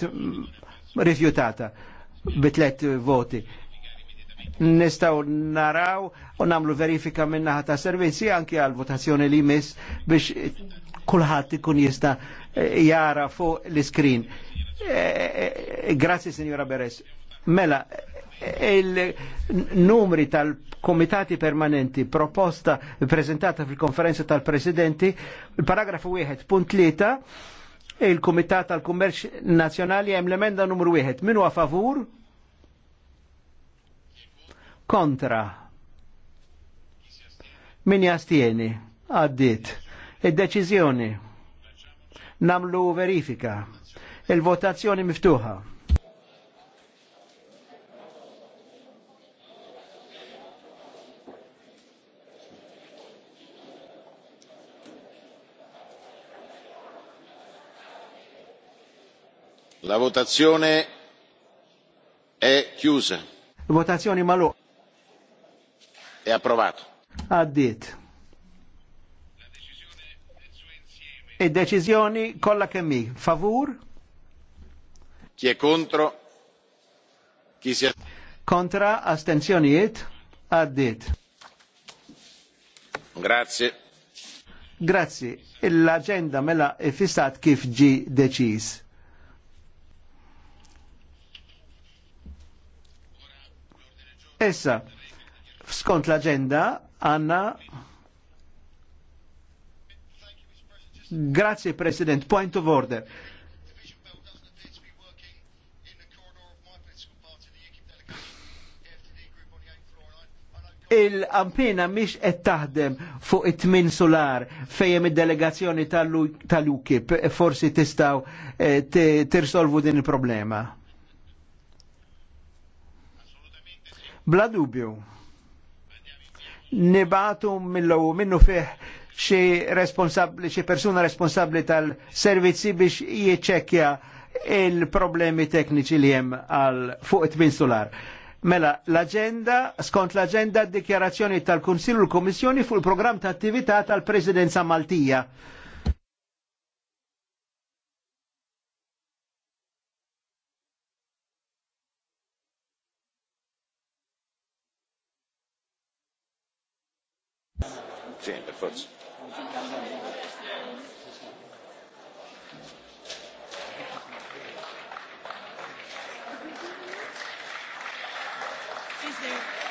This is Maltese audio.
rifiutata mm, rifjutata bitlet voti. Nistaw naraw u namlu verifika minnaħa ta' servizzi anki għal votazzjoni li mis biex kullħat ikun jista' jara fuq l-iskrin. Grazie e, Grazzi, Signora Beres. Mela, il-numri tal-komitati permanenti proposta prezentata fil-konferenza tal-presidenti, il-paragrafu 1.3 il-Kumitat tal-Kummerċ Nazzjonali hemm l-emenda numru 1. Minu a favur? Kontra. Min jastieni? Għaddit. Id-deċiżjoni. Namlu verifika. Il-votazzjoni miftuħa. La votazione è chiusa. Votazione malo. È approvato. Addit. E decisioni che mi. Favur? Chi è contro? Chi si Kontra astenzjonijiet? Addit. Grazie. Grazzi. E l-agenda mela fissat kif ġi deċis. Essa, skont l-agenda għanna Grazie President, point of order. il-ampina miex qed taħdem fuq it-tmin solar fejjem id-delegazzjoni tal-UKIP, forsi tistaw eh, tirsolvu din il-problema. Bla dubju, nibatu millu minnu fih xi responsabli, xi responsabli tal-servizzi biex jieċekja il-problemi tekniċi li jem għal fuq it solar. Mela, l-agenda, skont l-agenda, dikjarazzjoni tal-Konsil u l-Komissjoni fuq il-programm ta' attività tal-Presidenza Maltija. Sì, per forza. Is there